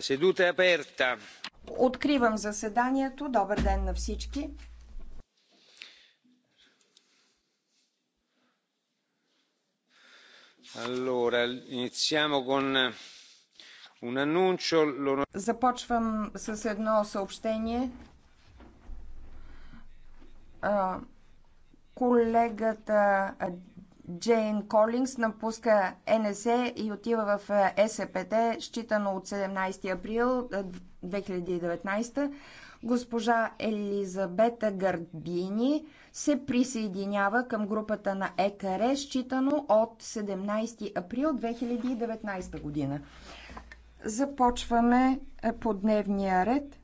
Седута е аперта. Откривам заседанието. Добър ден на всички. Allora, iniziamo con un annuncio. Започвам с едно съобщение. колегата Джейн Колингс напуска НСЕ и отива в СПТ, считано от 17 април 2019. Госпожа Елизабета Гърбини се присъединява към групата на ЕКР, считано от 17 април 2019 година. Започваме по дневния ред.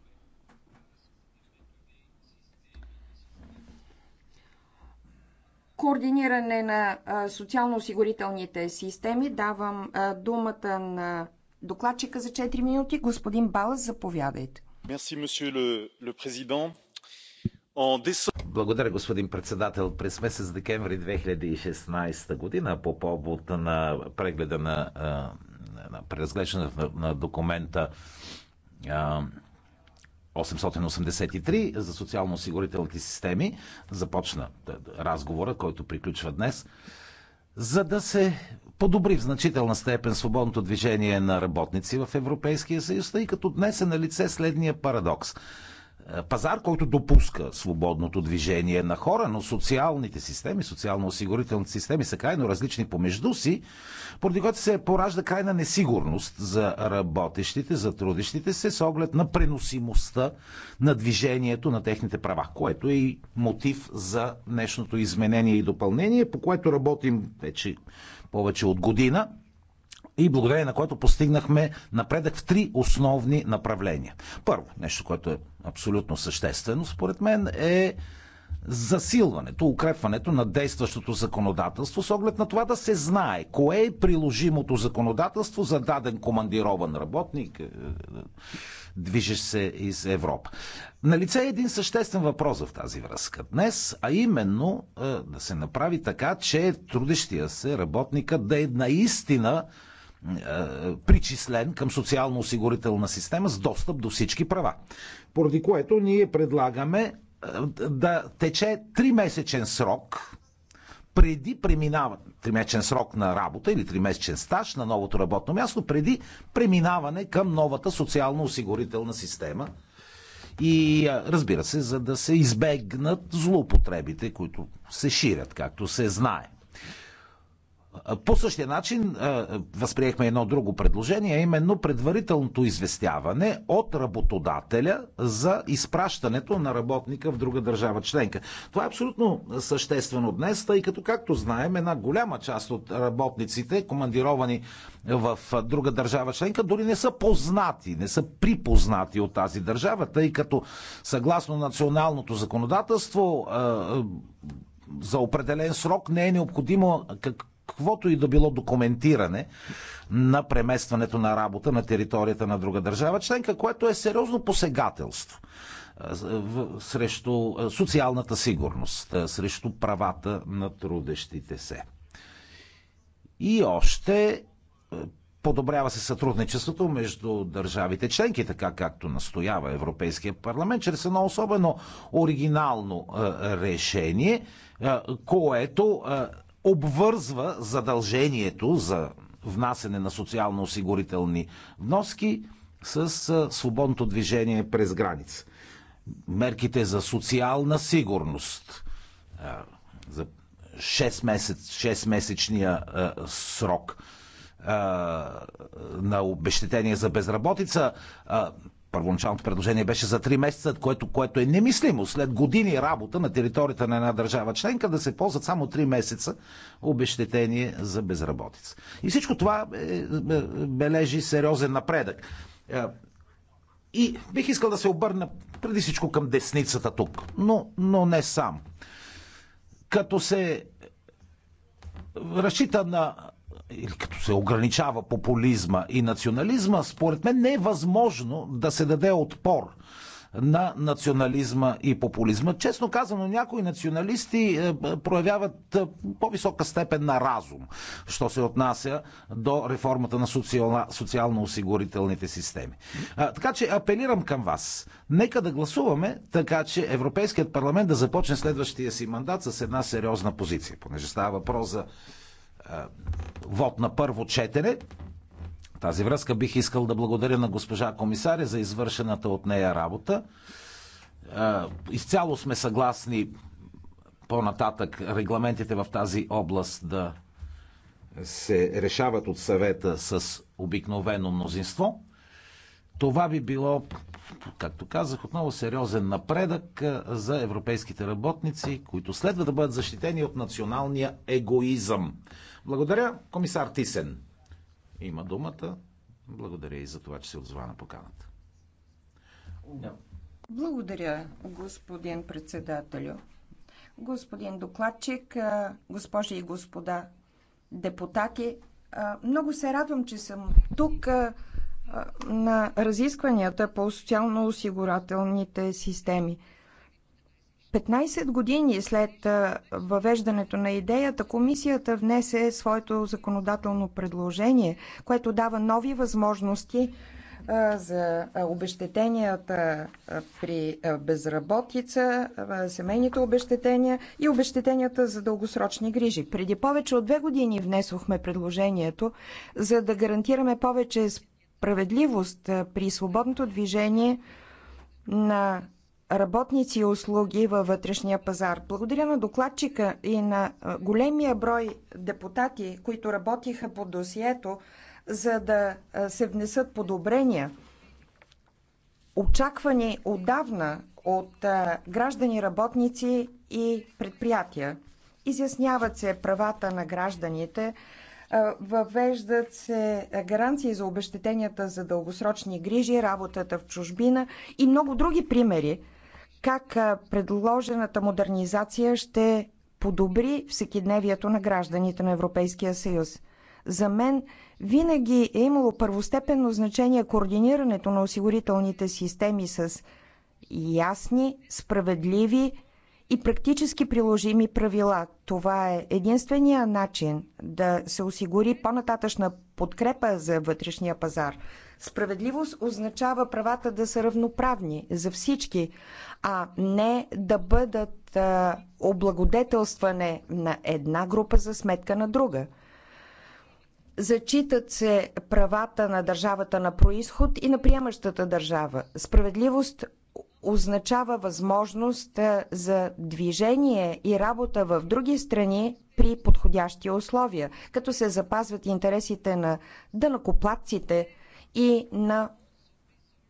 координиране на социално-осигурителните системи. Давам думата на докладчика за 4 минути. Господин Балас, заповядайте. Благодаря, господин председател. През месец декември 2016 година по повод на прегледа на, на преразглеждането на, на документа 883 за социално-осигурителните системи започна разговора, който приключва днес, за да се подобри в значителна степен свободното движение на работници в Европейския съюз, тъй като днес е на лице следния парадокс. Е, пазар, който допуска свободното движение на хора, но социалните системи, социално-осигурителните системи са крайно различни помежду си, поради което се поражда крайна несигурност за работещите, за трудещите се с оглед на преносимостта на движението на техните права, което е и мотив за днешното изменение и допълнение, по което работим вече повече от година и благодарение на което постигнахме напредък в три основни направления. Първо, нещо, което е абсолютно съществено, според мен, е засилването, укрепването на действащото законодателство с оглед на това да се знае кое е приложимото законодателство за даден командирован работник, е, е, движещ се из Европа. Налице е един съществен въпрос в тази връзка днес, а именно е, да се направи така, че трудещия се работника да е наистина е, причислен към социално-осигурителна система с достъп до всички права. Поради което ние предлагаме е, да тече 3-месечен срок преди преминаване, 3-месечен срок на работа или 3-месечен стаж на новото работно място, преди преминаване към новата социално-осигурителна система. И е, разбира се, за да се избегнат злоупотребите, които се ширят, както се знае. По същия начин е, е, възприехме едно друго предложение, а именно предварителното известяване от работодателя за изпращането на работника в друга държава членка. Това е абсолютно съществено днес, тъй като, както знаем, една голяма част от работниците, командировани в друга държава членка, дори не са познати, не са припознати от тази държава, тъй като съгласно националното законодателство е, за определен срок не е необходимо каквото и да било документиране на преместването на работа на територията на друга държава членка, което е сериозно посегателство срещу социалната сигурност, срещу правата на трудещите се. И още подобрява се сътрудничеството между държавите членки, така както настоява Европейския парламент, чрез едно особено оригинално решение, което обвързва задължението за внасене на социално-осигурителни вноски с свободното движение през граница. Мерките за социална сигурност, за 6, месец, 6 месечния срок на обещетение за безработица, първоначалното предложение беше за 3 месеца, което, което е немислимо след години работа на територията на една държава членка да се ползват само 3 месеца обещетение за безработица. И всичко това е, е, бележи сериозен напредък. Е, и бих искал да се обърна преди всичко към десницата тук, но, но не сам. Като се разчита на или като се ограничава популизма и национализма, според мен не е възможно да се даде отпор на национализма и популизма. Честно казано, някои националисти е, проявяват е, по-висока степен на разум, що се отнася до реформата на социално-осигурителните системи. Така че апелирам към вас. Нека да гласуваме, така че Европейският парламент да започне следващия си мандат с една сериозна позиция, понеже става въпрос за е, е, вод на първо четене. тази връзка бих искал да благодаря на госпожа комисаря за извършената от нея работа. Е, изцяло сме съгласни по-нататък регламентите в тази област да се решават от съвета с обикновено мнозинство. Това би било както казах, отново сериозен напредък за европейските работници, които следва да бъдат защитени от националния егоизъм. Благодаря, комисар Тисен. Има думата. Благодаря и за това, че се отзова на поканата. Благодаря, господин председателю. Господин докладчик, госпожи и господа депутати, много се радвам, че съм тук на разискванията по социално-осигурателните системи. 15 години след въвеждането на идеята, комисията внесе своето законодателно предложение, което дава нови възможности за обещетенията при безработица, семейните обещетения и обещетенията за дългосрочни грижи. Преди повече от две години внесохме предложението, за да гарантираме повече справедливост при свободното движение на работници и услуги във вътрешния пазар. Благодаря на докладчика и на големия брой депутати, които работиха по досието, за да се внесат подобрения, очаквани отдавна от граждани, работници и предприятия. Изясняват се правата на гражданите, Въвеждат се гаранции за обещетенията за дългосрочни грижи, работата в чужбина и много други примери как предложената модернизация ще подобри всекидневието на гражданите на Европейския съюз. За мен винаги е имало първостепенно значение координирането на осигурителните системи с ясни, справедливи и практически приложими правила. Това е единствения начин да се осигури по-нататъчна подкрепа за вътрешния пазар. Справедливост означава правата да са равноправни за всички, а не да бъдат облагодетелстване на една група за сметка на друга. Зачитат се правата на държавата на происход и на приемащата държава. Справедливост означава възможност за движение и работа в други страни при подходящи условия, като се запазват интересите на дънакоплатците и на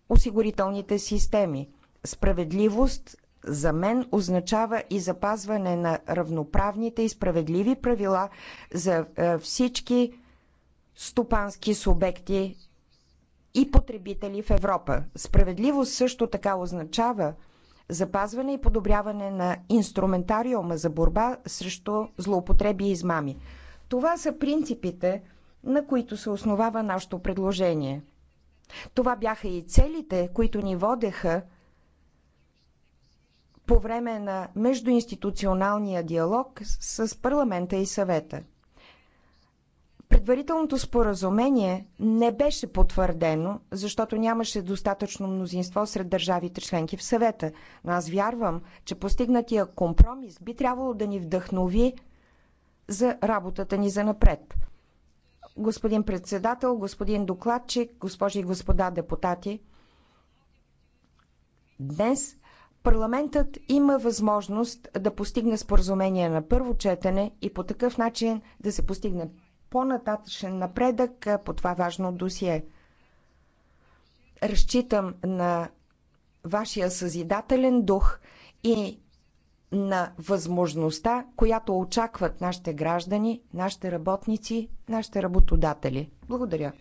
осигурителните системи. Справедливост за мен означава и запазване на равноправните и справедливи правила за всички стопански субекти и потребители в Европа. Справедливост също така означава запазване и подобряване на инструментариума за борба срещу злоупотреби и измами. Това са принципите, на които се основава нашето предложение. Това бяха и целите, които ни водеха по време на междуинституционалния диалог с парламента и съвета. Предварителното споразумение не беше потвърдено, защото нямаше достатъчно мнозинство сред държавите членки в съвета. Но аз вярвам, че постигнатия компромис би трябвало да ни вдъхнови за работата ни за напред. Господин председател, господин докладчик, госпожи и господа депутати, днес парламентът има възможност да постигне споразумение на първо четене и по такъв начин да се постигне по-нататъчен напредък по това важно досие. Разчитам на вашия съзидателен дух и на възможността, която очакват нашите граждани, нашите работници, нашите работодатели. Благодаря.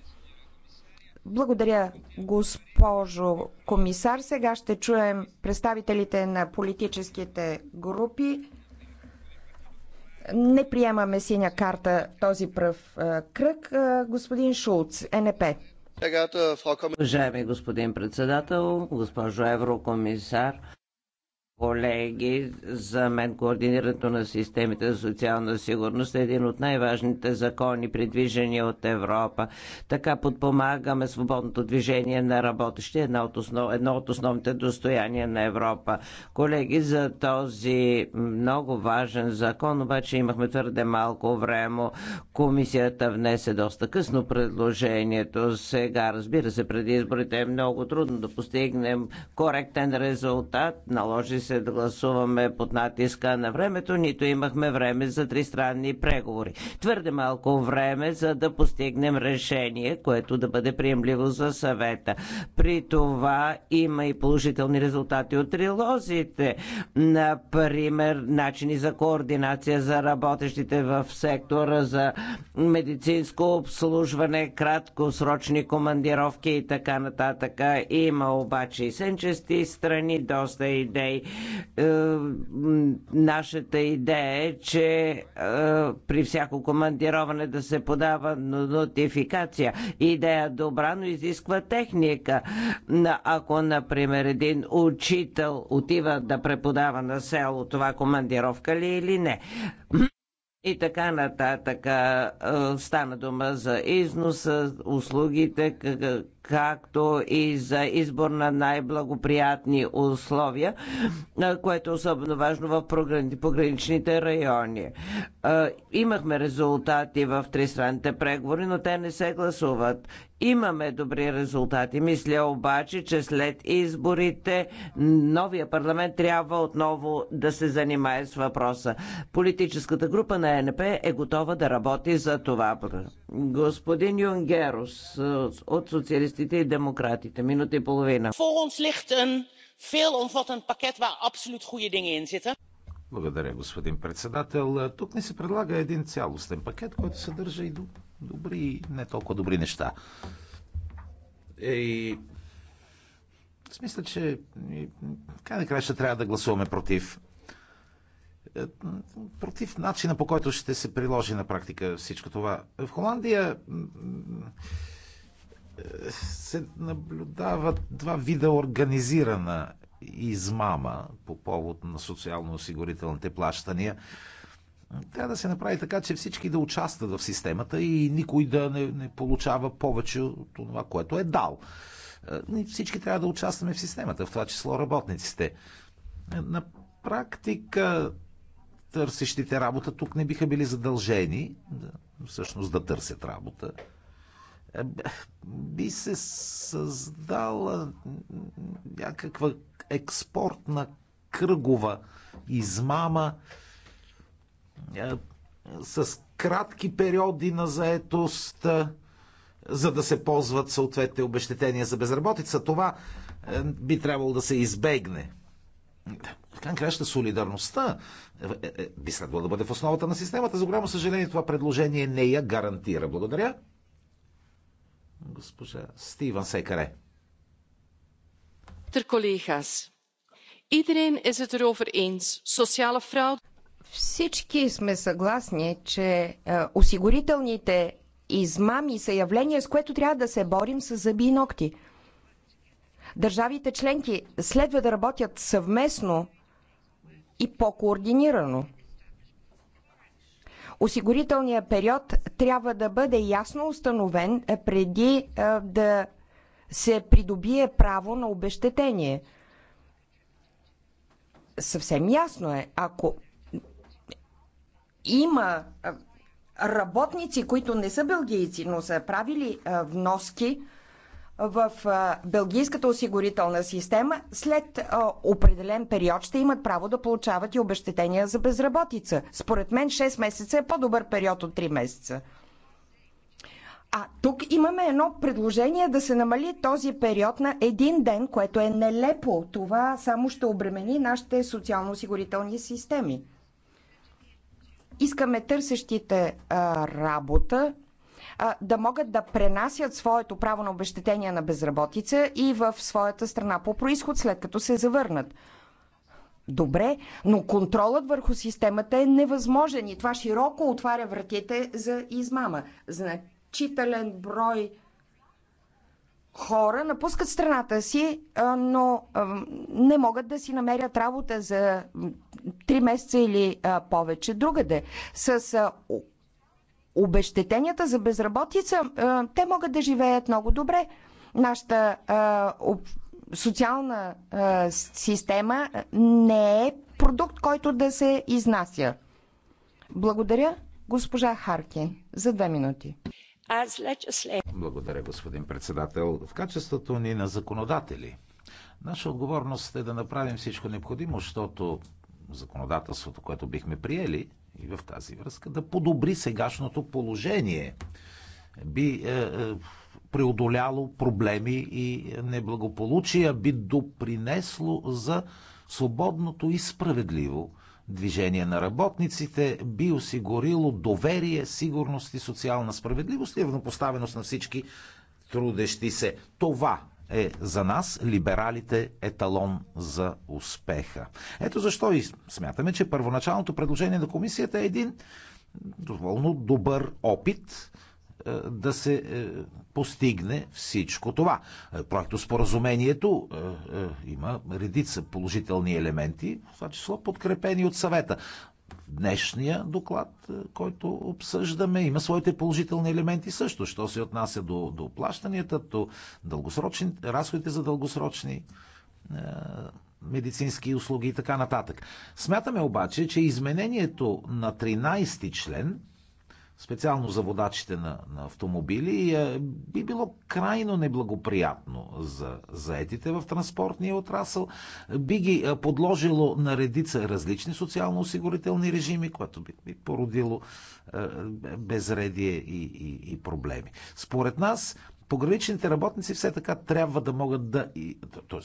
Благодаря, госпожо комисар. Сега ще чуем представителите на политическите групи. Не приемаме синя карта този пръв кръг. Господин Шулц, НП. Уважаеми господин председател, госпожо еврокомисар, колеги, за мен координирането на системите за социална сигурност е един от най-важните закони, предвижения от Европа. Така подпомагаме свободното движение на работещи, едно от, основ... едно от основните достояния на Европа. Колеги, за този много важен закон, обаче имахме твърде малко време. Комисията внесе доста късно предложението. Сега, разбира се, преди изборите е много трудно да постигнем коректен резултат. Наложи се да гласуваме под натиска на времето, нито имахме време за тристранни преговори. Твърде малко време, за да постигнем решение, което да бъде приемливо за съвета. При това има и положителни резултати от трилозите. Например, начини за координация за работещите в сектора за медицинско обслужване, краткосрочни командировки и така нататък. Има обаче и сенчести страни, доста идеи е, нашата идея е, че е, при всяко командироване да се подава нотификация. Идея добра, но изисква техника. Ако, например, един учител отива да преподава на село, това командировка ли е или не? и така нататък. Стана дума за износа, услугите, както и за избор на най-благоприятни условия, което е особено важно в пограничните райони. Имахме резултати в тристранните преговори, но те не се гласуват. Имаме добри резултати. Мисля обаче, че след изборите новия парламент трябва отново да се занимае с въпроса. Политическата група на ЕНП е готова да работи за това. Господин Юнгерус от социалистите и демократите. Минута и половина. Voor ons ligt een veelomvattend waar absoluut goede dingen in zitten. Благодаря, господин председател. Тук ни се предлага един цялостен пакет, който съдържа и добри не толкова добри неща. Е, и аз мисля, че край на край ще трябва да гласуваме против. Е, против начина по който ще се приложи на практика всичко това. В Холандия е, се наблюдават два вида организирана измама по повод на социално-осигурителните плащания. Трябва да се направи така, че всички да участват в системата и никой да не, не получава повече от това, което е дал. Е, всички трябва да участваме в системата, в това число работниците. Е, на практика търсещите работа тук не биха били задължени всъщност да търсят работа. Е, би се създала някаква експортна кръгова измама е, с кратки периоди на заетост, е, за да се ползват съответните обещетения за безработица. Това е, би трябвало да се избегне. Така краща солидарността би следвало да бъде в основата на системата. За голямо съжаление това предложение не я гарантира. Благодаря. Госпожа Стивън Секаре voorzitter collega's iedereen is het erover eens sociale fraude. Всички сме съгласни, че е, осигурителните измами са явление, с което трябва да се борим с зъби и ногти. Държавите членки следва да работят съвместно и по-координирано. Осигурителният период трябва да бъде ясно установен е, преди е, да се придобие право на обещетение. Съвсем ясно е, ако има работници, които не са белгийци, но са правили вноски в белгийската осигурителна система, след определен период ще имат право да получават и обещетения за безработица. Според мен 6 месеца е по-добър период от 3 месеца. А тук имаме едно предложение да се намали този период на един ден, което е нелепо. Това само ще обремени нашите социално-осигурителни системи. Искаме търсещите а, работа а, да могат да пренасят своето право на обещетение на безработица и в своята страна по происход, след като се завърнат. Добре, но контролът върху системата е невъзможен и това широко отваря вратите за измама. Значи значителен брой хора напускат страната си, но не могат да си намерят работа за 3 месеца или повече другаде. С обещетенията за безработица те могат да живеят много добре. Нашата социална система не е продукт, който да се изнася. Благодаря, госпожа Харкин, за две минути. Благодаря, господин председател. В качеството ни на законодатели, наша отговорност е да направим всичко необходимо, защото законодателството, което бихме приели и в тази връзка, да подобри сегашното положение. Би е, е, преодоляло проблеми и неблагополучия, би допринесло за свободното и справедливо движение на работниците би осигурило доверие, сигурност и социална справедливост и равнопоставеност на всички трудещи се. Това е за нас, либералите, еталон за успеха. Ето защо и смятаме, че първоначалното предложение на комисията е един доволно добър опит е, да се е, постигне всичко това. Е, проекто споразумението има редица положителни елементи, в това число подкрепени от съвета. Днешния доклад, който обсъждаме, има своите положителни елементи също, що се отнася до, до плащанията, до дългосрочни, разходите за дългосрочни медицински услуги и така нататък. Смятаме обаче, че изменението на 13 ти член специално за водачите на, на автомобили, е, би било крайно неблагоприятно за заетите в транспортния отрасъл, би ги е, подложило на редица различни социално-осигурителни режими, което би, би породило е, безредие и, и, и проблеми. Според нас, пограничните работници все така трябва да могат да, т.е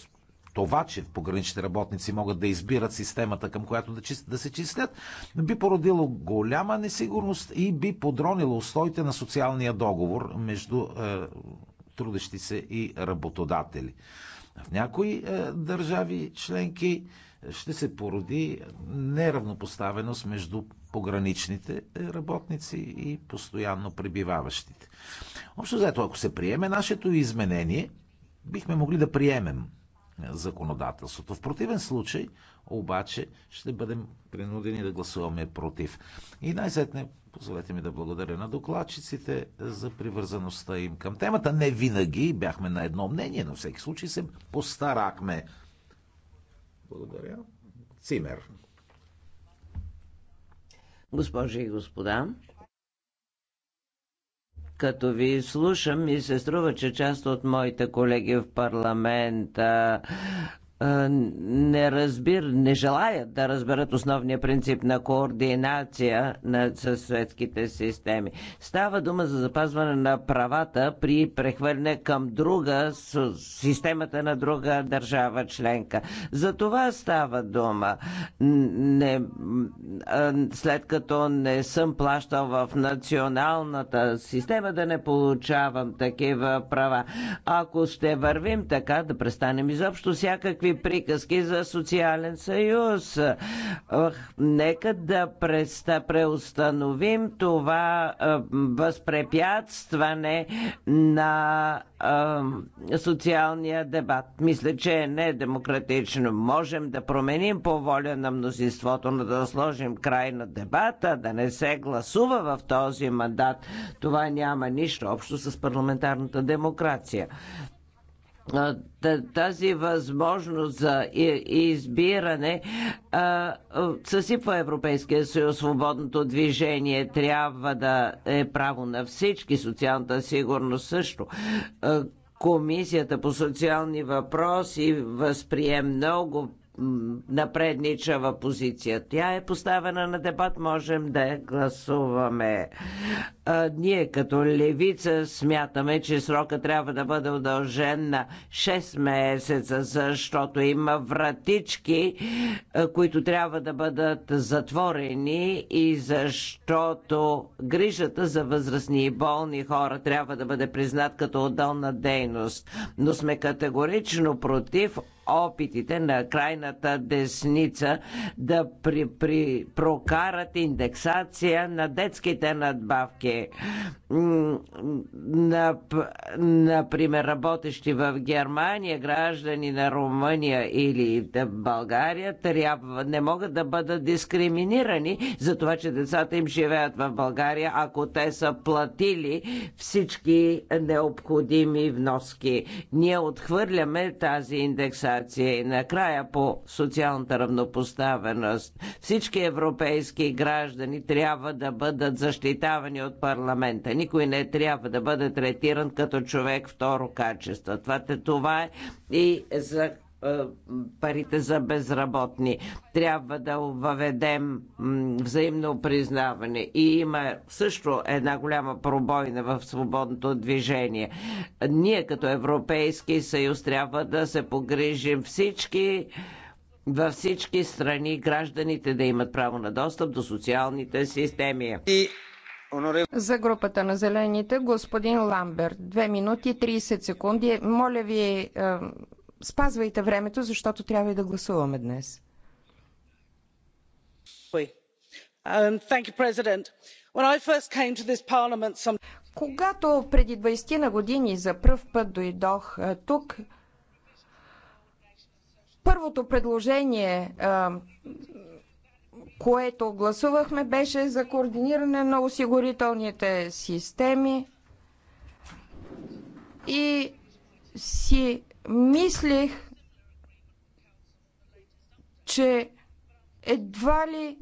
това, че пограничните работници могат да избират системата, към която да, да се числят, би породило голяма несигурност и би подронило устоите на социалния договор между е, трудещи се и работодатели. В някои е, държави членки е, ще се породи неравнопоставеност между пограничните е, работници и постоянно пребиваващите. Общо заето, ако се приеме нашето изменение, бихме могли да приемем законодателството. В противен случай, обаче, ще бъдем принудени да гласуваме против. И най-сетне, позволете ми да благодаря на докладчиците за привързаността им към темата. Не винаги бяхме на едно мнение, но всеки случай се постарахме. Благодаря. Цимер. Госпожи и господа, като ви слушам, ми се струва, че част от моите колеги в парламента не разбир, не желаят да разберат основния принцип на координация на съветските системи. Става дума за запазване на правата при прехвърляне към друга системата на друга държава членка. За това става дума. Не, след като не съм плащал в националната система да не получавам такива права. Ако ще вървим така, да престанем изобщо всякакви глупави приказки за социален съюз. Нека да преустановим това възпрепятстване на социалния дебат. Мисля, че е недемократично. Можем да променим по воля на мнозинството, но да сложим край на дебата, да не се гласува в този мандат. Това няма нищо общо с парламентарната демокрация тази възможност за избиране съсипва Европейския съюз. Свободното движение трябва да е право на всички, социалната сигурност също. Комисията по социални въпроси възприе много напредничава позиция. Тя е поставена на дебат, можем да гласуваме. А, ние като левица смятаме, че срока трябва да бъде удължен на 6 месеца, защото има вратички, които трябва да бъдат затворени и защото грижата за възрастни и болни хора трябва да бъде признат като отделна дейност. Но сме категорично против опитите на крайната десница да при, при, прокарат индексация на детските надбавки. Например, работещи в Германия, граждани на Румъния или България трябва, не могат да бъдат дискриминирани за това, че децата им живеят в България, ако те са платили всички необходими вноски. Ние отхвърляме тази индексация и накрая по социалната равнопоставеност. Всички европейски граждани трябва да бъдат защитавани от парламента. Никой не трябва да бъде третиран като човек второ качество. Това, това е и за е, парите за безработни. Трябва да въведем взаимно признаване. И има също една голяма пробойна в свободното движение. Ние като Европейски съюз трябва да се погрижим всички във всички страни гражданите да имат право на достъп до социалните системи. За групата на зелените, господин Ламберт, 2 минути 30 секунди. Моля ви, е, спазвайте времето, защото трябва и да гласуваме днес. Um, Когато преди 20 на години за пръв път дойдох е, тук, първото предложение е, което гласувахме, беше за координиране на осигурителните системи и си мислих, че едва ли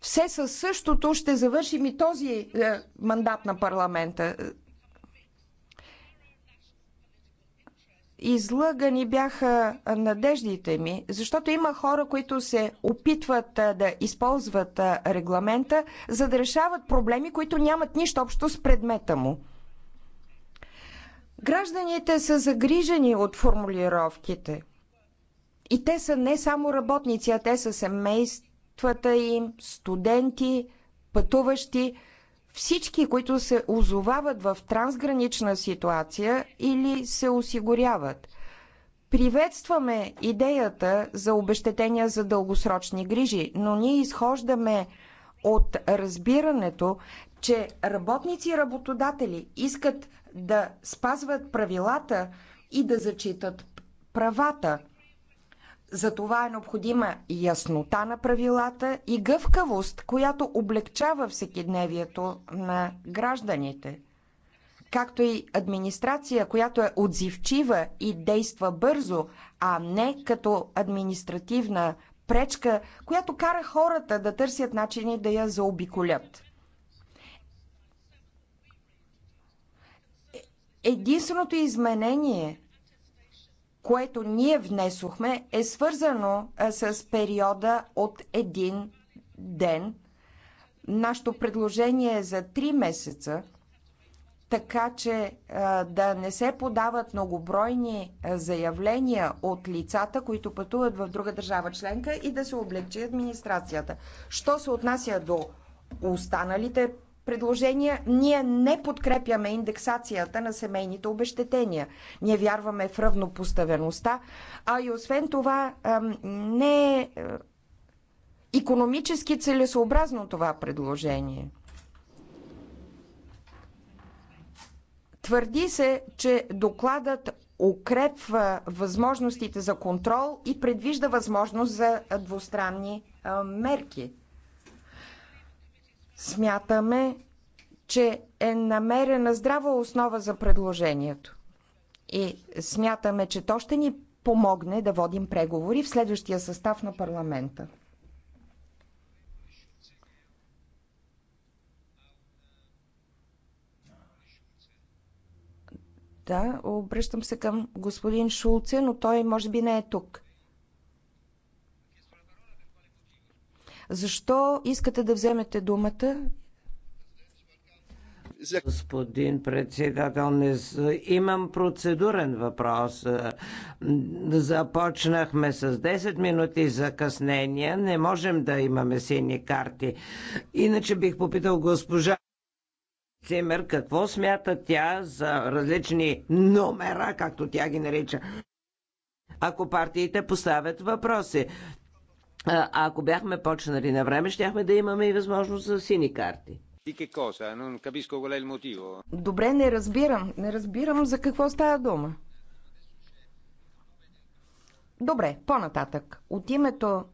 все със същото ще завършим и този е, мандат на парламента. Излъгани бяха надеждите ми, защото има хора, които се опитват да използват регламента, за да решават проблеми, които нямат нищо общо с предмета му. Гражданите са загрижени от формулировките. И те са не само работници, а те са семействата им, студенти, пътуващи всички, които се озовават в трансгранична ситуация или се осигуряват. Приветстваме идеята за обещетения за дългосрочни грижи, но ние изхождаме от разбирането, че работници и работодатели искат да спазват правилата и да зачитат правата. За това е необходима яснота на правилата и гъвкавост, която облегчава всекидневието на гражданите, както и администрация, която е отзивчива и действа бързо, а не като административна пречка, която кара хората да търсят начини да я заобиколят. Е, единственото изменение което ние внесохме, е свързано с периода от един ден. Нашето предложение е за три месеца, така че да не се подават многобройни заявления от лицата, които пътуват в друга държава членка и да се облегчи администрацията. Що се отнася до останалите предложения. Ние не подкрепяме индексацията на семейните обещетения. Ние вярваме в равнопоставеността, а и освен това не е економически целесообразно това предложение. Твърди се, че докладът укрепва възможностите за контрол и предвижда възможност за двустранни мерки. Смятаме, че е намерена здрава основа за предложението. И смятаме, че то ще ни помогне да водим преговори в следващия състав на парламента. Да, обръщам се към господин Шулце, но той може би не е тук. Защо искате да вземете думата? Господин председател, не с... имам процедурен въпрос. Започнахме с 10 минути закъснение. Не можем да имаме сини карти. Иначе бих попитал госпожа Цимер какво смята тя за различни номера, както тя ги нарича. Ако партиите поставят въпроси, ако бяхме почнали на време, щяхме да имаме и възможност за сини карти. Е, Добре, не разбирам. Не разбирам за какво става дума. Добре, по-нататък. От името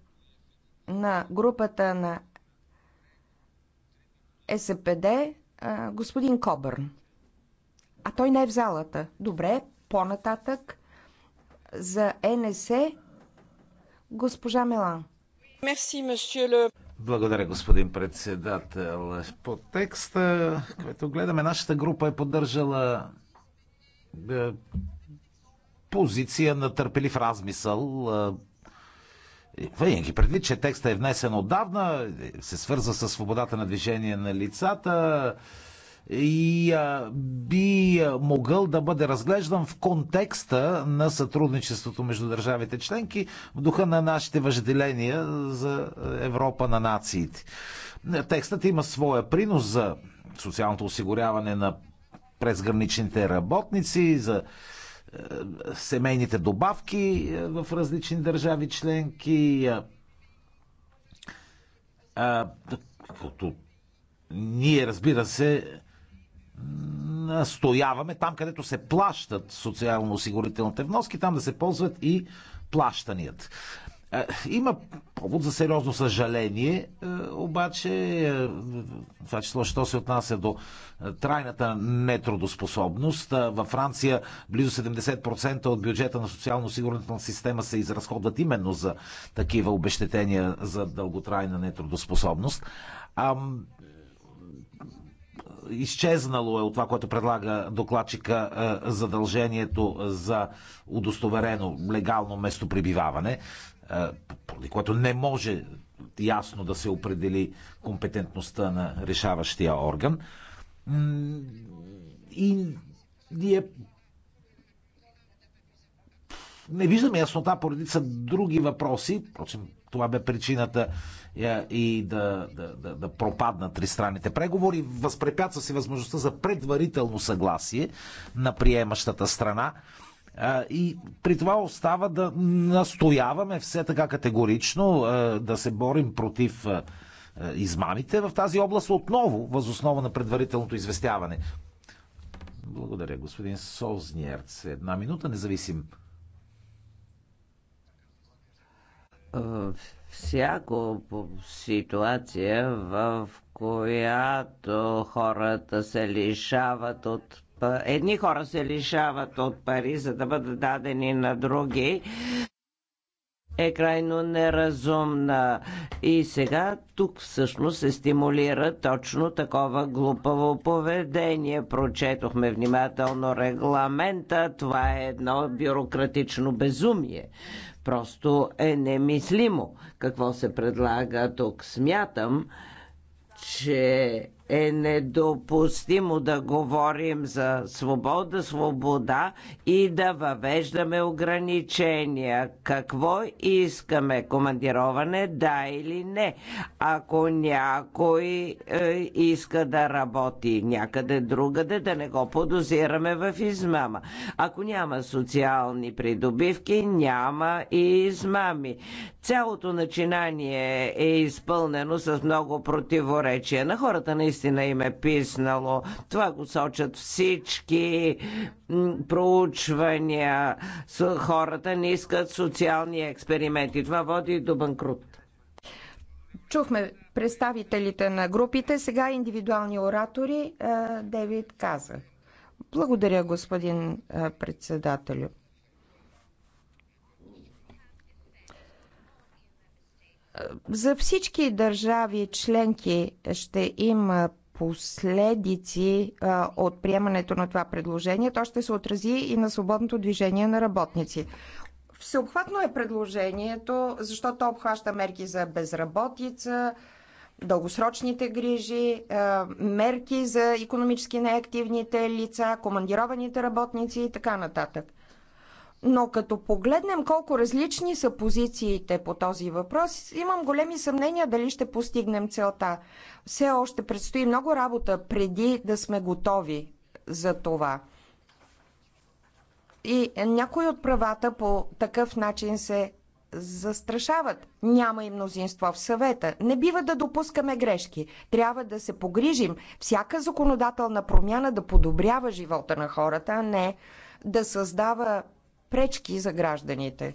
на групата на СПД, господин Кобърн. А той не е в залата. Добре, по-нататък за НС госпожа Мелан. Благодаря, господин председател. По текста, който гледаме, нашата група е поддържала е, позиция на търпелив размисъл. Вънки е, предвид, че текста е внесен отдавна, се свързва с свободата на движение на лицата, и би могъл да бъде разглеждан в контекста на сътрудничеството между държавите членки в духа на нашите въжделения за Европа на нациите. Текстът има своя принос за социалното осигуряване на презграничните работници, за е, семейните добавки е, в различни държави членки. Е, като ние, разбира се, настояваме там, където се плащат социално-осигурителните вноски, там да се ползват и плащаният. Е, има повод за сериозно съжаление, е, обаче е, това число, що се отнася до трайната нетрудоспособност. Във Франция близо 70% от бюджета на социално-сигурната система се изразходват именно за такива обещетения за дълготрайна нетрудоспособност изчезнало е от това, което предлага докладчика е, задължението за удостоверено легално местопребиваване, е, поради което не може ясно да се определи компетентността на решаващия орган. И ние не виждаме яснота поредица други въпроси, впрочем, това бе причината е, и да, да, да, да пропаднат тристранните преговори. Възпрепятства се възможността за предварително съгласие на приемащата страна. Е, и при това остава да настояваме все така категорично е, да се борим против измамите в тази област отново, възоснова на предварителното известяване. Благодаря, господин Солзниерц. Една минута, независим Е, всяко ситуация, в която хората се лишават от едни хора се лишават от пари, за да бъдат дадени на други, е крайно неразумна. И сега тук всъщност се стимулира точно такова глупаво поведение. Прочетохме внимателно регламента. Това е едно бюрократично безумие. Просто е немислимо какво се предлага тук. Смятам, че е недопустимо да говорим за свобода, свобода и да въвеждаме ограничения. Какво искаме? Командироване, да или не? Ако някой е, иска да работи някъде другаде, да не го подозираме в измама. Ако няма социални придобивки, няма и измами. Цялото начинание е изпълнено с много противоречия. На хората наистина наистина им е писнало. Това го сочат всички проучвания. Хората не искат социални експерименти. Това води до банкрут. Чухме представителите на групите, сега индивидуални оратори. Девид каза. Благодаря, господин председателю. За всички държави членки ще има последици а, от приемането на това предложение. То ще се отрази и на свободното движение на работници. Всеобхватно е предложението, защото обхваща мерки за безработица, дългосрочните грижи, мерки за економически неактивните лица, командированите работници и така нататък. Но като погледнем колко различни са позициите по този въпрос, имам големи съмнения дали ще постигнем целта. Все още предстои много работа преди да сме готови за това. И някои от правата по такъв начин се застрашават. Няма и мнозинство в съвета. Не бива да допускаме грешки. Трябва да се погрижим всяка законодателна промяна да подобрява живота на хората, а не да създава пречки за гражданите,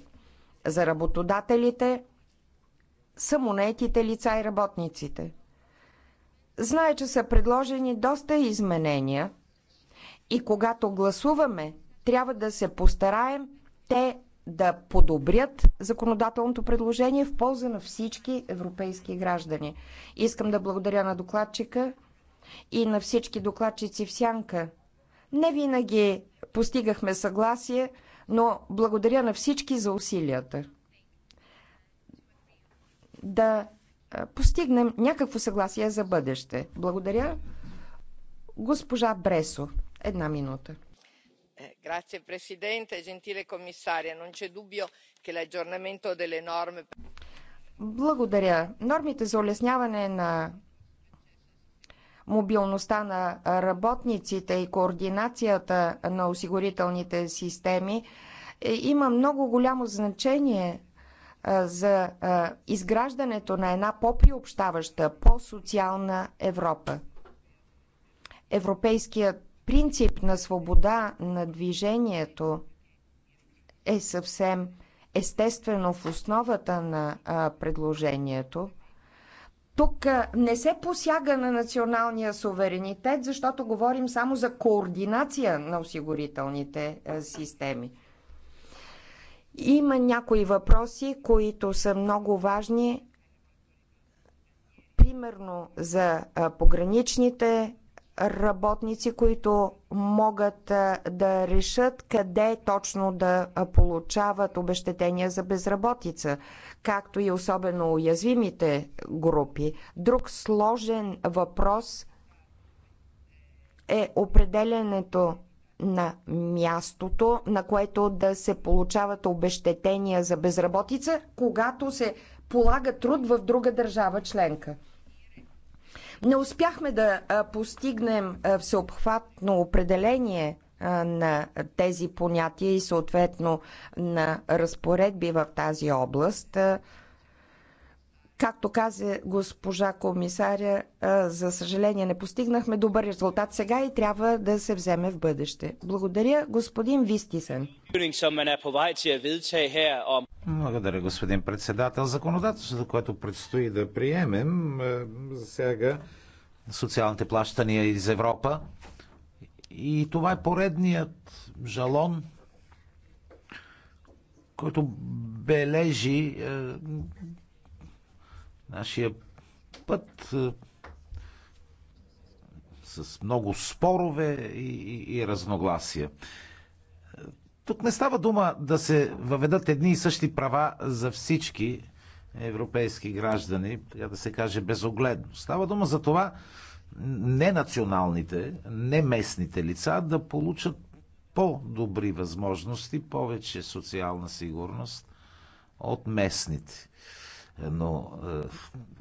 за работодателите, самонетите лица и работниците. Знае, че са предложени доста изменения и когато гласуваме, трябва да се постараем те да подобрят законодателното предложение в полза на всички европейски граждани. Искам да благодаря на докладчика и на всички докладчици в Сянка. Не винаги постигахме съгласие, но благодаря на всички за усилията да постигнем някакво съгласие за бъдеще. Благодаря. Госпожа Бресо, една минута signor presidente gentile commissaria non c'è dubbio che l'aggiornamento delle norme. Благодаря. Нормите за улесняване на мобилността на работниците и координацията на осигурителните системи е, има много голямо значение е, за е, изграждането на една по-приобщаваща, по-социална Европа. Европейският принцип на свобода на движението е съвсем естествено в основата на предложението – тук не се посяга на националния суверенитет, защото говорим само за координация на осигурителните системи. Има някои въпроси, които са много важни, примерно за пограничните работници, които могат да решат къде точно да получават обещетения за безработица, както и особено уязвимите групи. Друг сложен въпрос е определенето на мястото, на което да се получават обещетения за безработица, когато се полага труд в друга държава членка. Не успяхме да постигнем всеобхватно определение на тези понятия и съответно на разпоредби в тази област Както каза госпожа комисаря, за съжаление не постигнахме добър резултат сега и трябва да се вземе в бъдеще. Благодаря, господин Вистисен. Благодаря, господин председател. Законодателството, което предстои да приемем, засяга социалните плащания из Европа. И това е поредният жалон, който бележи Нашия път е, с много спорове и, и, и разногласия. Тук не става дума да се въведат едни и същи права за всички европейски граждани, така да се каже безогледно. Става дума за това ненационалните, не местните лица да получат по-добри възможности, повече социална сигурност от местните. Но е,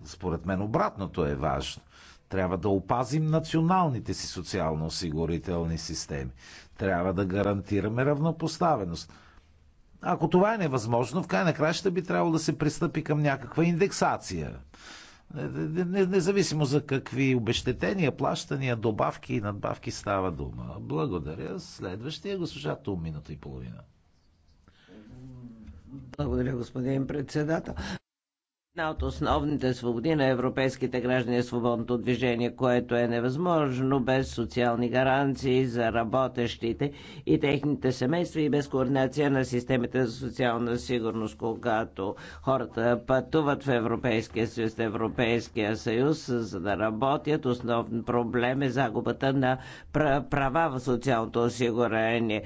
според мен обратното е важно. Трябва да опазим националните си социално-осигурителни системи. Трябва да гарантираме равнопоставеност. Ако това е невъзможно, в край на краща би трябвало да се пристъпи към някаква индексация. Независимо за какви обещетения, плащания, добавки и надбавки става дума. Благодаря. Следващия госпожа Тум, минута и половина. Благодаря, господин председател. Една от основните свободи на европейските граждани е свободното движение, което е невъзможно без социални гаранции за работещите и техните семейства и без координация на системите за социална сигурност. Когато хората пътуват в Европейския съюз, Европейския съюз, за да работят, основен проблем е загубата на права в социалното осигурение.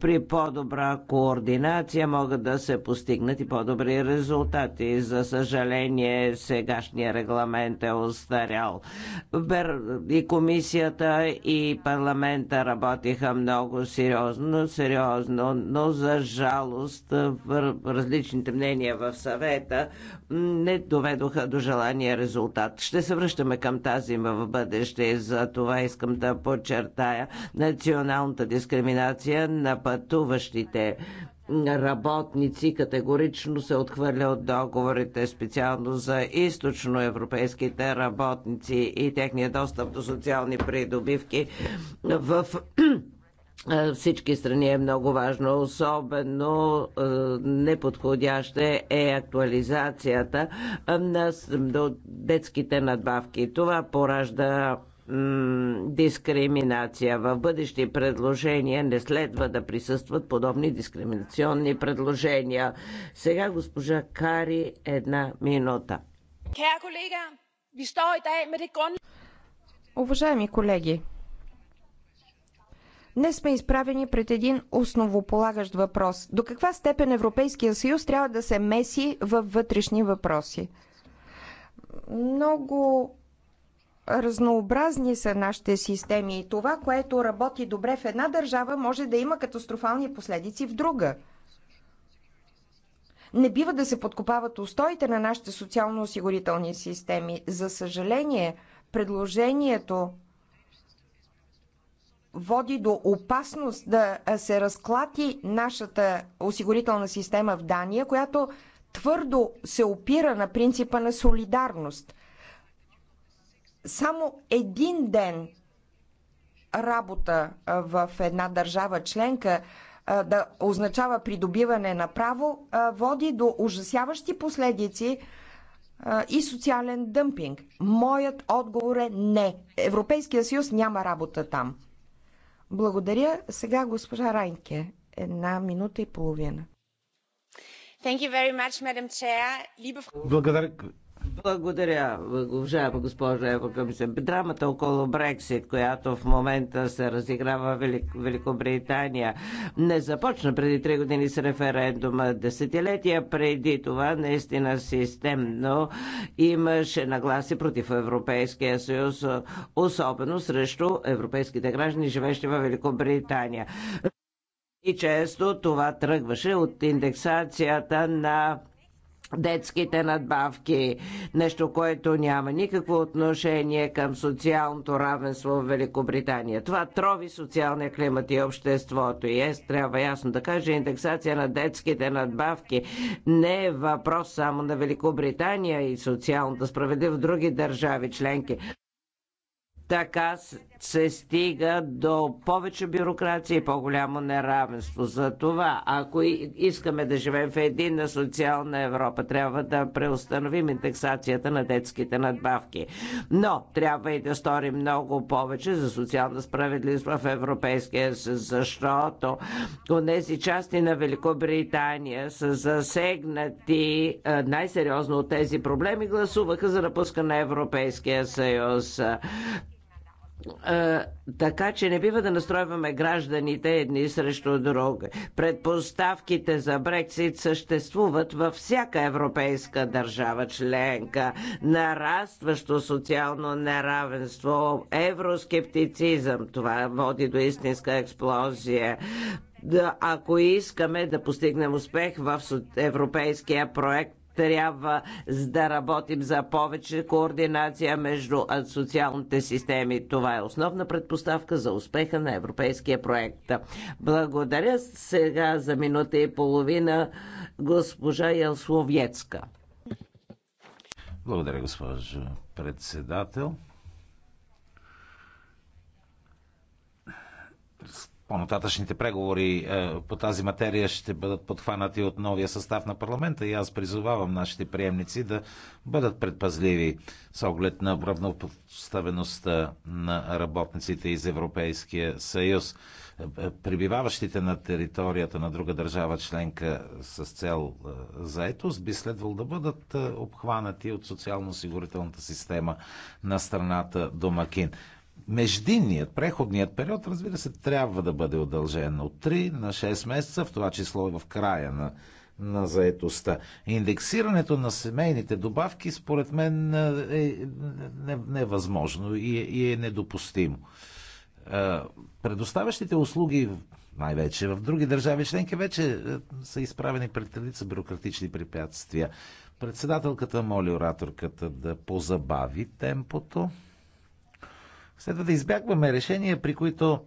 При по-добра координация могат да се постигнат и по-добри резултати. За съжаление, съжаление сегашния регламент е устарял. Бер... И комисията, и парламента работиха много сериозно, сериозно, но за жалост в различните мнения в съвета не доведоха до желания резултат. Ще се връщаме към тази в бъдеще. и За това искам да подчертая националната дискриминация на пътуващите работници категорично се отхвърля от договорите специално за източноевропейските работници и техния достъп до социални придобивки в всички страни е много важно. Особено е, неподходяща е актуализацията на детските надбавки. Това поражда дискриминация. В бъдещи предложения не следва да присъстват подобни дискриминационни предложения. Сега госпожа Кари една минута. Уважаеми колеги, Днес сме изправени пред един основополагащ въпрос. До каква степен Европейския съюз трябва да се меси във вътрешни въпроси? Много разнообразни са нашите системи и това, което работи добре в една държава, може да има катастрофални последици в друга. Не бива да се подкопават устоите на нашите социално-осигурителни системи. За съжаление, предложението води до опасност да се разклати нашата осигурителна система в Дания, която твърдо се опира на принципа на солидарност – само един ден работа в една държава членка да означава придобиване на право, води до ужасяващи последици и социален дъмпинг. Моят отговор е не. Европейския съюз няма работа там. Благодаря. Сега госпожа Райнке. Една минута и половина. Благодаря, благодаря, уважаема госпожа Еврокомисар. Драмата около Брексит, която в момента се разиграва в Велик, Великобритания, не започна преди три години с референдума. Десетилетия преди това, наистина системно, имаше нагласи против Европейския съюз, особено срещу европейските граждани, живещи в Великобритания. И често това тръгваше от индексацията на детските надбавки. Нещо, което няма никакво отношение към социалното равенство в Великобритания. Това трови социалния климат и обществото. И ест, трябва ясно да кажа, индексация на детските надбавки не е въпрос само на Великобритания и социалната справедливост в други държави членки. Така се стига до повече бюрокрация и по-голямо неравенство. За това, ако искаме да живеем в единна социална Европа, трябва да преустановим индексацията на детските надбавки. Но трябва и да сторим много повече за социална справедливост в Европейския съюз, защото тези части на Великобритания са засегнати е, най-сериозно от тези проблеми, гласуваха за напускане на Европейския съюз така че не бива да настройваме гражданите едни срещу други. Предпоставките за Брексит съществуват във всяка европейска държава членка. Нарастващо социално неравенство, евроскептицизъм, това води до истинска експлозия да, ако искаме да постигнем успех в европейския проект, трябва да работим за повече координация между социалните системи. Това е основна предпоставка за успеха на европейския проект. Благодаря сега за минута и половина госпожа Ялсловецка. Благодаря, госпожо председател. по-нататъчните преговори е, по тази материя ще бъдат подхванати от новия състав на парламента и аз призовавам нашите приемници да бъдат предпазливи с оглед на равнопоставеността на работниците из Европейския съюз. Е, е, прибиваващите на територията на друга държава членка с цел заетост би следвало да бъдат обхванати от социално-осигурителната система на страната Домакин. Междинният, преходният период, разбира се, трябва да бъде удължен от 3 на 6 месеца, в това число и в края на, на заетостта. Индексирането на семейните добавки, според мен, е, е невъзможно и е, и е недопустимо. Е, предоставящите услуги, най-вече в други държави членки, вече е, са изправени пред редица бюрократични препятствия. Председателката моли ораторката да позабави темпото. Следва да избягваме решения, при които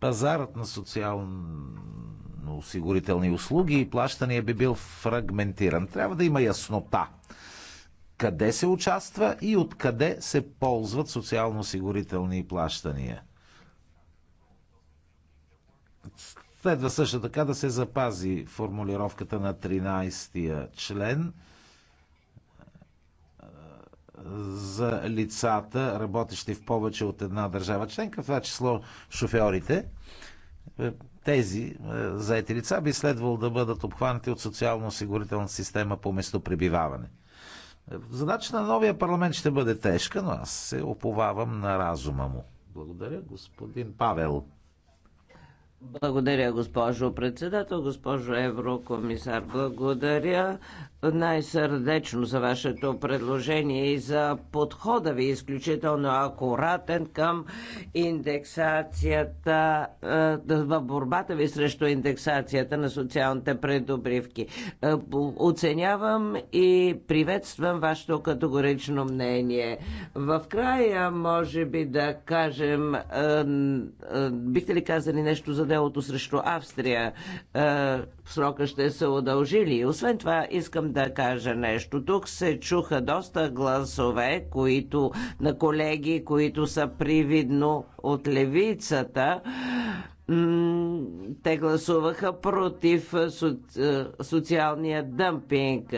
пазарът на социално-осигурителни услуги и плащания би бил фрагментиран. Трябва да има яснота къде се участва и откъде се ползват социално-осигурителни плащания. Следва също така да се запази формулировката на 13-я член – за лицата, работещи в повече от една държава членка, в това число шофьорите. Е, тези е, заети лица би следвало да бъдат обхванати от социално осигурителна система по местопребиваване. Е, Задача на новия парламент ще бъде тежка, но аз се оповавам на разума му. Благодаря, господин Павел. Благодаря, госпожо председател, госпожо еврокомисар. Благодаря най-сърдечно за вашето предложение и за подхода ви изключително акуратен към индексацията, е, в борбата ви срещу индексацията на социалните предобривки. Е, оценявам и приветствам вашето категорично мнение. В края, може би да кажем, е, бихте ли казали нещо за делото срещу Австрия? Срока ще се удължили, Освен това, искам да кажа нещо. Тук се чуха доста гласове, които на колеги, които са привидно от левицата те гласуваха против социалния дъмпинг,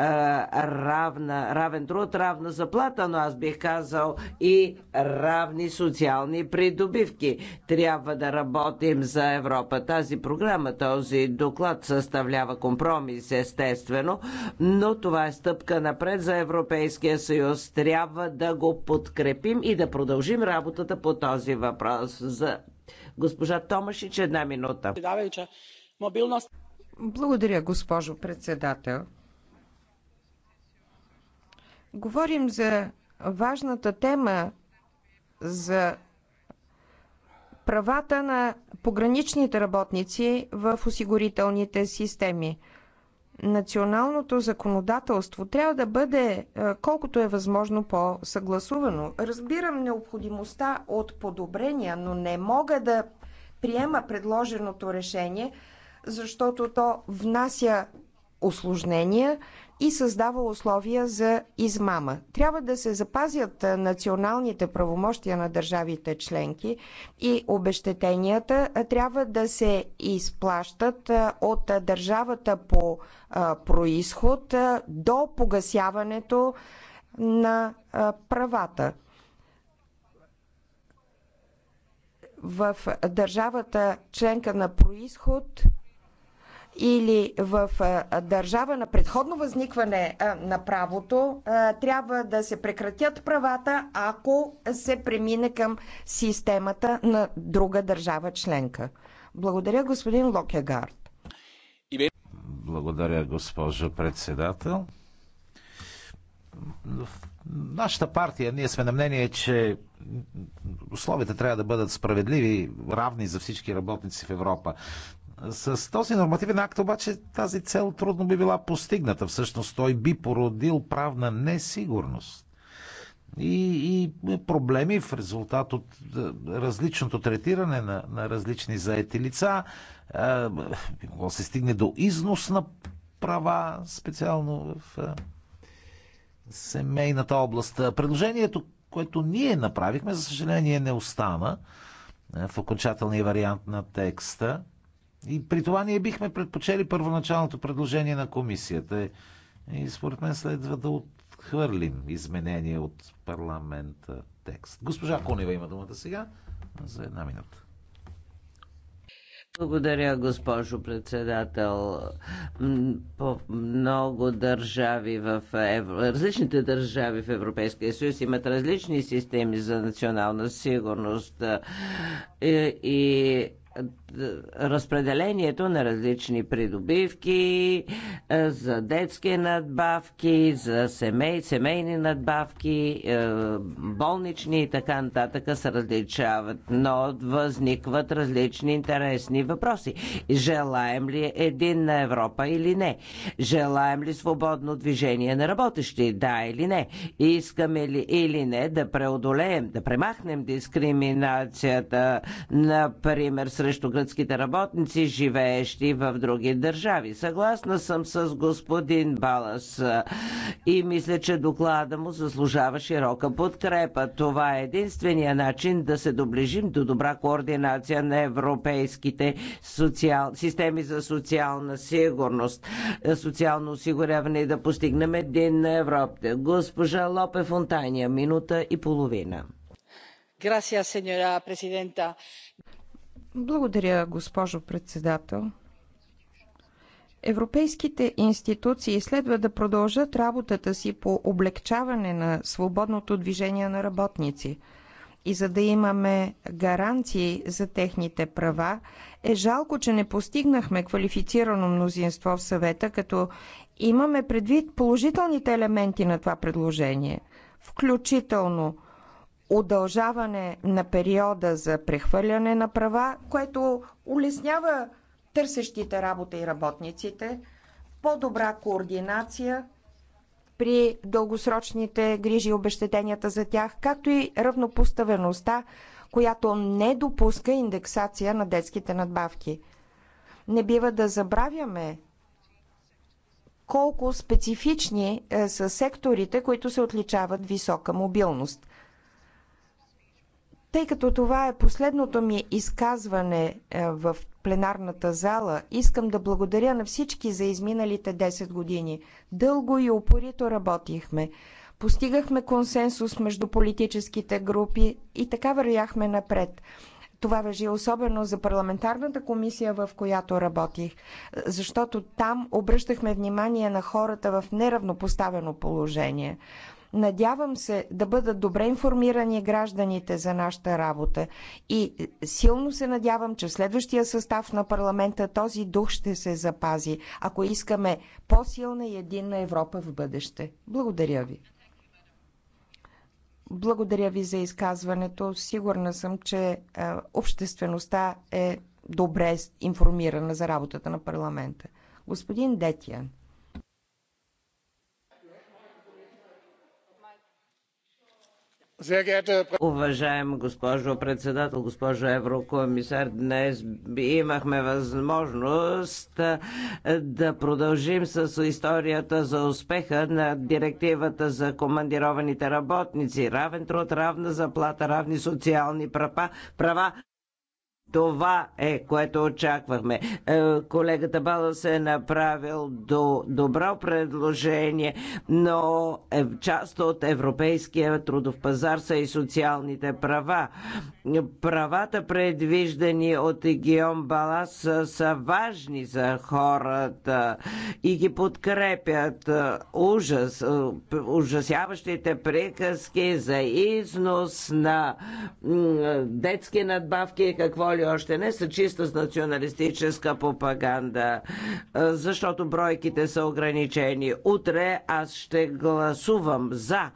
равна, равен труд, равна заплата, но аз бих казал и равни социални придобивки. Трябва да работим за Европа. Тази програма, този доклад съставлява компромис, естествено, но това е стъпка напред за Европейския съюз. Трябва да го подкрепим и да продължим работата по този въпрос. За Госпожа Томашич, една минута. Благодаря, госпожо председател. Говорим за важната тема за правата на пограничните работници в осигурителните системи националното законодателство трябва да бъде е, колкото е възможно по-съгласувано. Разбирам необходимостта от подобрения, но не мога да приема предложеното решение, защото то внася осложнения, и създава условия за измама. Трябва да се запазят националните правомощия на държавите членки и обещетенията трябва да се изплащат от държавата по происход до погасяването на правата. В държавата членка на происход – или в държава на предходно възникване на правото, трябва да се прекратят правата, ако се премине към системата на друга държава членка. Благодаря, господин Локегард. Благодаря, госпожо председател. В нашата партия ние сме на мнение, че условията трябва да бъдат справедливи, равни за всички работници в Европа. С този нормативен акт обаче тази цел трудно би била постигната. Всъщност той би породил правна несигурност и, и проблеми в резултат от е, различното третиране на, на различни заети лица. Е, би могло се стигне до износ на права, специално в е, семейната област. Предложението, което ние направихме, за съжаление не остана в окончателния вариант на текста. И при това ние бихме предпочели първоначалното предложение на комисията. И според мен следва да отхвърлим изменение от парламента текст. Госпожа Конева има думата сега за една минута. Благодаря, госпожо председател. По много държави в Евро... различните държави в Европейския съюз имат различни системи за национална сигурност е, и разпределението на различни придобивки е, за детски надбавки, за семей, семейни надбавки, е, болнични и така нататък се различават, но възникват различни интересни въпроси. Желаем ли един на Европа или не? Желаем ли свободно движение на работещи? Да или не? Искаме ли или не да преодолеем, да премахнем дискриминацията, например, с срещу гръцките работници, живеещи в други държави. Съгласна съм с господин Балас и мисля, че доклада му заслужава широка подкрепа. Това е единствения начин да се доближим до добра координация на европейските социал... системи за социална сигурност, социално осигуряване и да постигнем един на Европа. Госпожа Лопе Фонтания, минута и половина. Gracias, señora presidenta. Благодаря, госпожо председател. Европейските институции следва да продължат работата си по облегчаване на свободното движение на работници. И за да имаме гаранции за техните права, е жалко, че не постигнахме квалифицирано мнозинство в съвета, като имаме предвид положителните елементи на това предложение, включително удължаване на периода за прехвърляне на права, което улеснява търсещите работа и работниците, по-добра координация при дългосрочните грижи и обещетенията за тях, както и равнопоставеността, която не допуска индексация на детските надбавки. Не бива да забравяме колко специфични е, са секторите, които се отличават висока мобилност. Тъй като това е последното ми изказване е, в пленарната зала, искам да благодаря на всички за изминалите 10 години. Дълго и упорито работихме. Постигахме консенсус между политическите групи и така вървяхме напред. Това въжи особено за парламентарната комисия, в която работих, защото там обръщахме внимание на хората в неравнопоставено положение. Надявам се да бъдат добре информирани гражданите за нашата работа и силно се надявам, че в следващия състав на парламента този дух ще се запази, ако искаме по-силна и единна Европа в бъдеще. Благодаря ви. Благодаря ви за изказването. Сигурна съм, че е, обществеността е добре информирана за работата на парламента. Господин Детян. Уважаема госпожо председател, госпожо еврокомисар, днес имахме възможност да продължим с историята за успеха на директивата за командированите работници. Равен труд, равна заплата, равни социални права, права това е, което очаквахме. Е, колегата Балас е направил до добро предложение, но е, част от европейския трудов пазар са и социалните права. Правата, предвиждани от Гион Балас, са, са важни за хората и ги подкрепят. Ужас, е, ужасяващите приказки за износ на детски надбавки, какво ли още не са чиста с националистическа пропаганда, защото бройките са ограничени. Утре аз ще гласувам за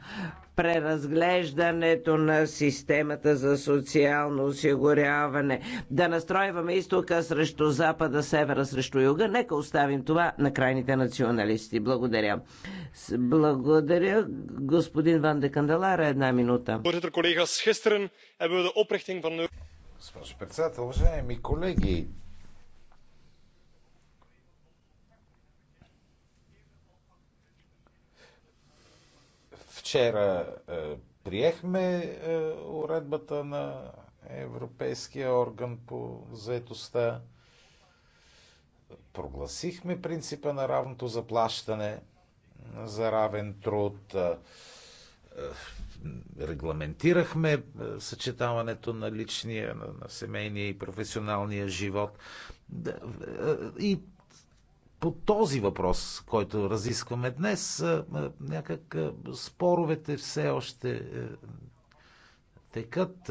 преразглеждането на системата за социално осигуряване, да настройваме изтока срещу запада, севера срещу юга. Нека оставим това на крайните националисти. Благодаря. Благодаря, господин Ван де Една минута. Госпожо председател, уважаеми колеги, вчера е, приехме е, уредбата на Европейския орган по заетостта, прогласихме принципа на равното заплащане за равен труд. Е, е регламентирахме е, съчетаването на личния, на семейния и професионалния живот. Е, и по този въпрос, който разискваме днес, е, някак споровете все още текат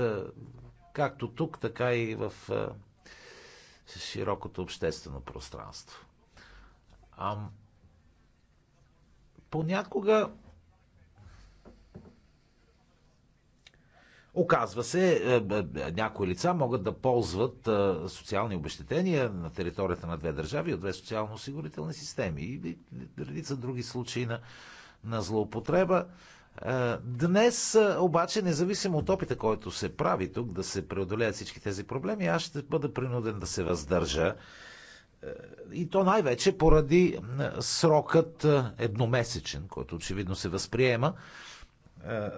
както тук, така и в широкото обществено пространство. А, понякога Оказва се, е, някои лица могат да ползват е, социални обещетения на територията на две държави от две социално-осигурителни системи и редица други случаи на, на злоупотреба. Е, днес обаче, независимо от опита, който се прави тук да се преодолеят всички тези проблеми, аз ще бъда принуден да се въздържа. И то най-вече поради срокът едномесечен, който очевидно се възприема е, е,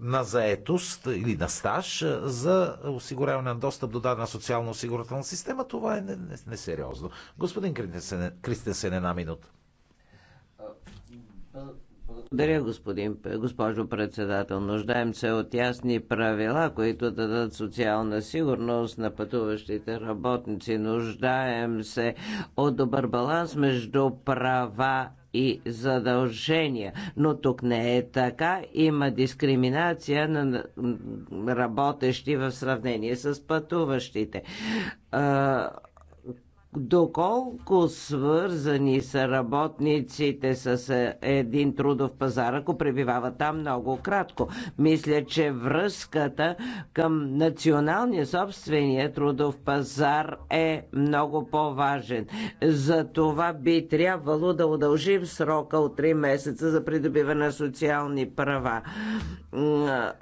на заетост или на стаж е, за осигуряване на достъп до дадена социално-осигурителна система, това е несериозно. Господин Кристенсен, една минута. Благодаря, господин, госпожо председател. Нуждаем се от ясни правила, които да дадат социална сигурност на пътуващите работници. Нуждаем се от добър баланс между права и задължения. Но тук не е така. Има дискриминация на работещи в сравнение с пътуващите. Доколко свързани са работниците с един трудов пазар, ако пребивават там много кратко? Мисля, че връзката към националния собствения трудов пазар е много по-важен. За това би трябвало да удължим срока от 3 месеца за придобиване на социални права.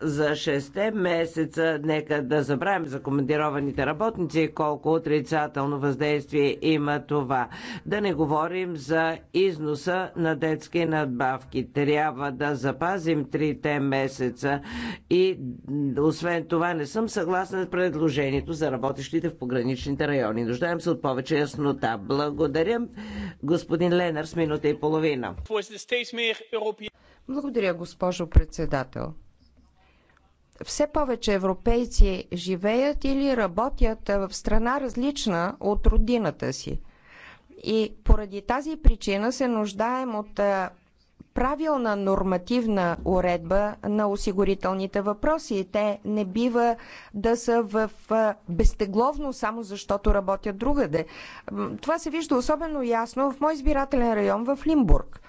За 6 месеца нека да забравим за командированите работници колко отрицателно въздействие въздействие има това. Да не говорим за износа на детски надбавки. Трябва да запазим трите месеца и освен това не съм съгласна с предложението за работещите в пограничните райони. Нуждаем се от повече яснота. Благодаря господин Ленар с минута и половина. Благодаря, госпожо председател все повече европейци живеят или работят в страна различна от родината си. И поради тази причина се нуждаем от правилна нормативна уредба на осигурителните въпроси. Те не бива да са в безтегловно, само защото работят другаде. Това се вижда особено ясно в мой избирателен район в Лимбург.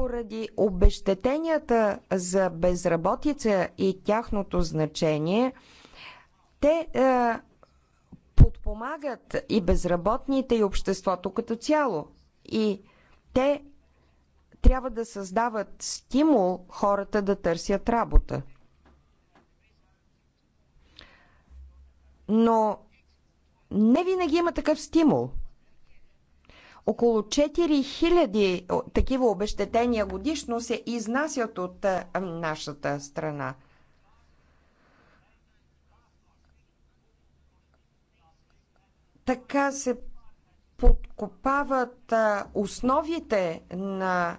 Поради обещетенията за безработица и тяхното значение, те е, подпомагат и безработните, и обществото като цяло. И те трябва да създават стимул хората да търсят работа. Но не винаги има такъв стимул – около 4000 такива обещетения годишно се изнасят от нашата страна. Така се подкопават основите на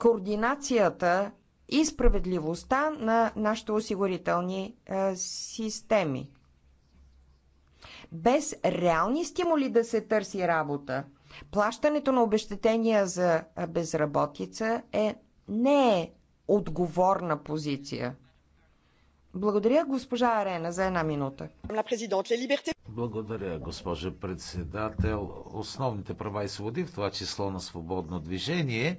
координацията и справедливостта на нашите осигурителни системи. Без реални стимули да се търси работа, плащането на обещетения за безработица е не е отговорна позиция. Благодаря, госпожа Арена, за една минута. Е Благодаря, госпожа председател. Основните права и свободи, в това число на свободно движение, е,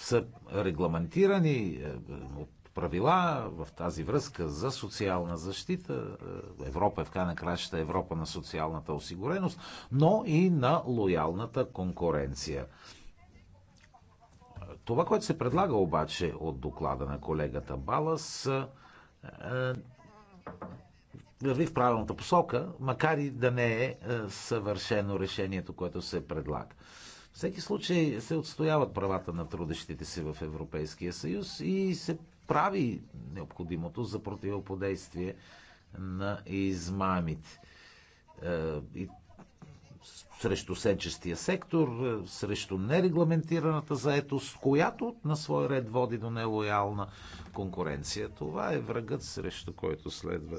са регламентирани е, от правила в тази връзка за социална защита. Е, Европа е в край на кращата Европа на социалната осигуреност, но и на лоялната конкуренция. Това, което се предлага обаче от доклада на колегата Балас, е, е, върви в правилната посока, макар и да не е съвършено решението, което се предлага. Всеки случай се отстояват правата на трудещите се в Европейския съюз и се прави необходимото за противоподействие на измамите. Е, и срещу сенчестия сектор, е, срещу нерегламентираната заетост, която на свой ред води до нелоялна конкуренция. Това е врагът, срещу който следва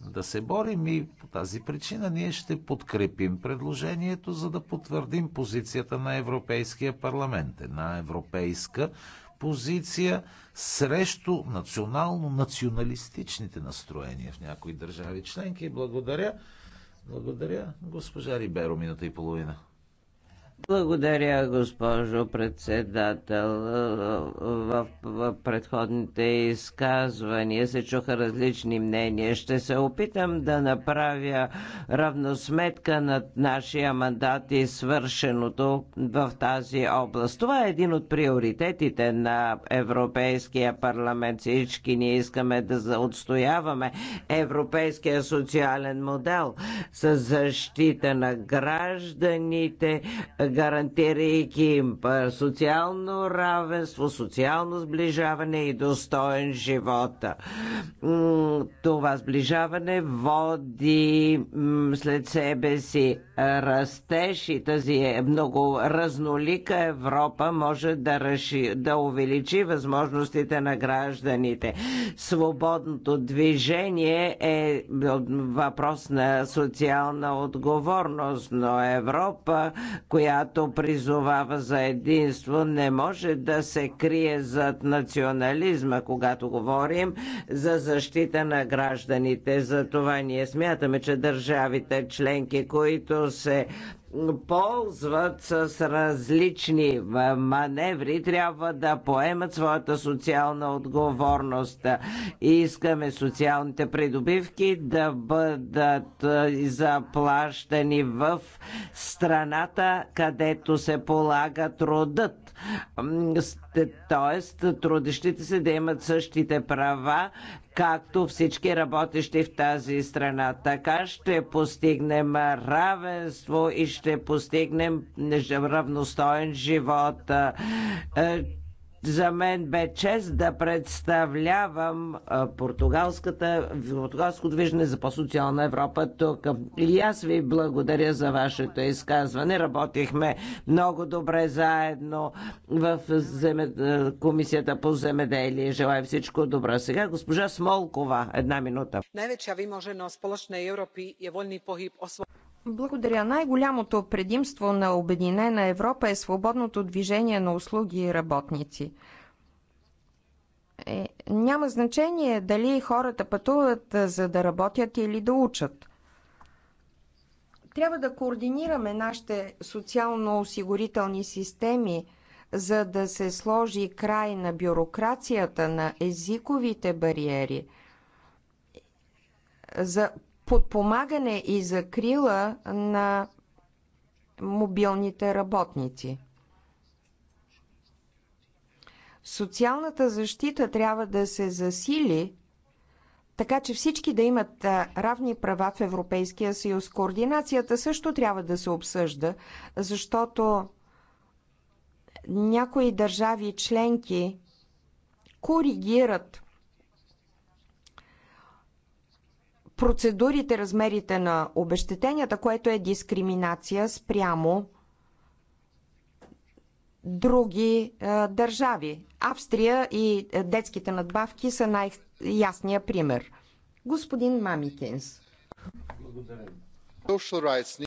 да се борим и по тази причина ние ще подкрепим предложението, за да потвърдим позицията на Европейския парламент. Една европейска позиция срещу национално-националистичните настроения в някои държави членки. Благодаря. Благодаря. Госпожа Риберо, минута и половина. Благодаря, госпожо председател. В, предходните изказвания се чуха различни мнения. Ще се опитам да направя равносметка на нашия мандат и свършеното в тази област. Това е един от приоритетите на Европейския парламент. Всички ние искаме да отстояваме европейския социален модел с защита на гражданите, гарантирайки им социално равенство, социално сближаване и достоен живот. Това сближаване води след себе си растеж и тази е много разнолика Европа може да, реши, да увеличи възможностите на гражданите. Свободното движение е въпрос на социална отговорност, но Европа, която която призовава за единство, не може да се крие зад национализма, когато говорим за защита на гражданите. Затова ние смятаме, че държавите членки, които се ползват с различни маневри, трябва да поемат своята социална отговорност. Искаме социалните придобивки да бъдат заплащани в страната, където се полага трудът. Тоест, трудещите се да имат същите права, както всички работещи в тази страна. Така ще постигнем равенство и ще постигнем равностоен живот. Е, за мен бе чест да представлявам португалската, португалското движение за по-социална Европа тук. И аз ви благодаря за вашето изказване. Работихме много добре заедно в земе... Комисията по земеделие. Желая всичко добро. Сега госпожа Смолкова, една минута. Най-вече ви може на Сполъчна Европи е вольни погиб освободен. Благодаря. Най-голямото предимство на Обединена Европа е свободното движение на услуги и работници. Е, няма значение дали хората пътуват за да работят или да учат. Трябва да координираме нашите социално-осигурителни системи, за да се сложи край на бюрокрацията, на езиковите бариери – за подпомагане и закрила на мобилните работници. Социалната защита трябва да се засили, така че всички да имат равни права в Европейския съюз. Координацията също трябва да се обсъжда, защото някои държави членки коригират процедурите, размерите на обещетенията, което е дискриминация спрямо други е, държави. Австрия и е, детските надбавки са най-ясния пример. Господин Мамикинс. Благодаря.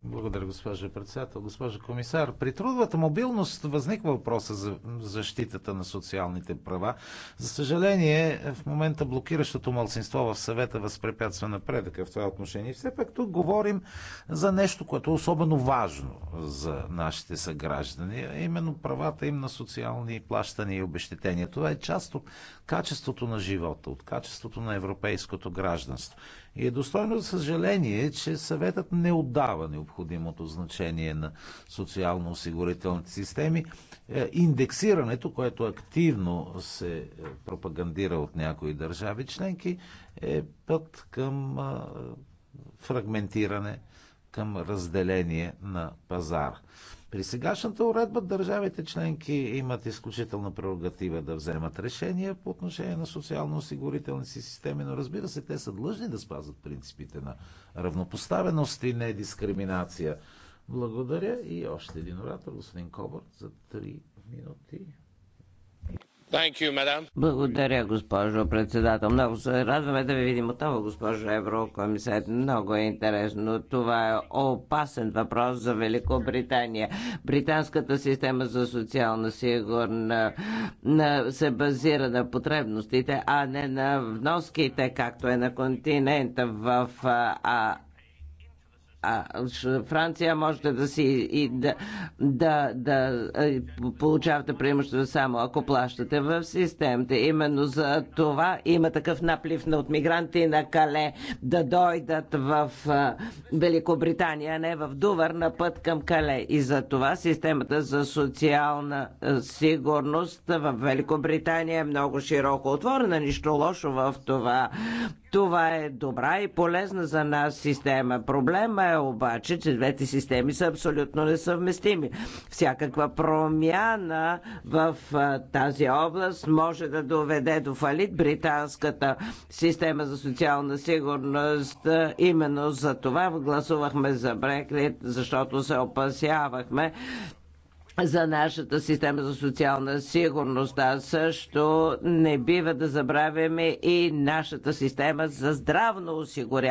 Благодаря, госпожа председател. Госпожа комисар, при трудовата мобилност възниква въпроса за защитата на социалните права. За съжаление, в момента блокиращото малцинство в съвета възпрепятства напредъка в това отношение. Все пак тук говорим за нещо, което е особено важно за нашите съграждани, а именно правата им на социални плащания и обещетения. Това е част от качеството на живота, от качеството на европейското гражданство. И е достойно съжаление, че съветът не отдава необходимото значение на социално-осигурителните системи. Е, индексирането, което активно се е, пропагандира от някои държави членки, е път към фрагментиране към разделение на пазара. При сегашната уредба държавите членки имат изключителна прерогатива да вземат решения по отношение на социално-осигурителни си системи, но разбира се, те са длъжни да спазват принципите на равнопоставеност и не дискриминация. Благодаря и още един оратор, господин Кобър, за 3 минути. Благодаря, госпожо председател. Много се радваме да ви видим отново, госпожо Еврокомисар. Много е интересно. Това е опасен въпрос за Великобритания. Британската система за социална сигурност се базира на потребностите, а не на вноските, както е на континента в а, а, Франция може да си и да, да, да е, получавате преимущество само ако плащате в системите. Именно за това има такъв наплив на от мигранти на Кале да дойдат в е, Великобритания, а не в Дувър на път към Кале. И за това системата за социална е, сигурност в Великобритания е много широко отворена. Нищо лошо в това. Това е добра и полезна за нас система. Проблема е обаче, че двете системи са абсолютно несъвместими. Всякаква промяна в тази област може да доведе до фалит британската система за социална сигурност. Именно за това гласувахме за Брекли, защото се опасявахме, за нашата система за социална сигурност, а също не бива да забравяме и нашата система за здравно осигуряване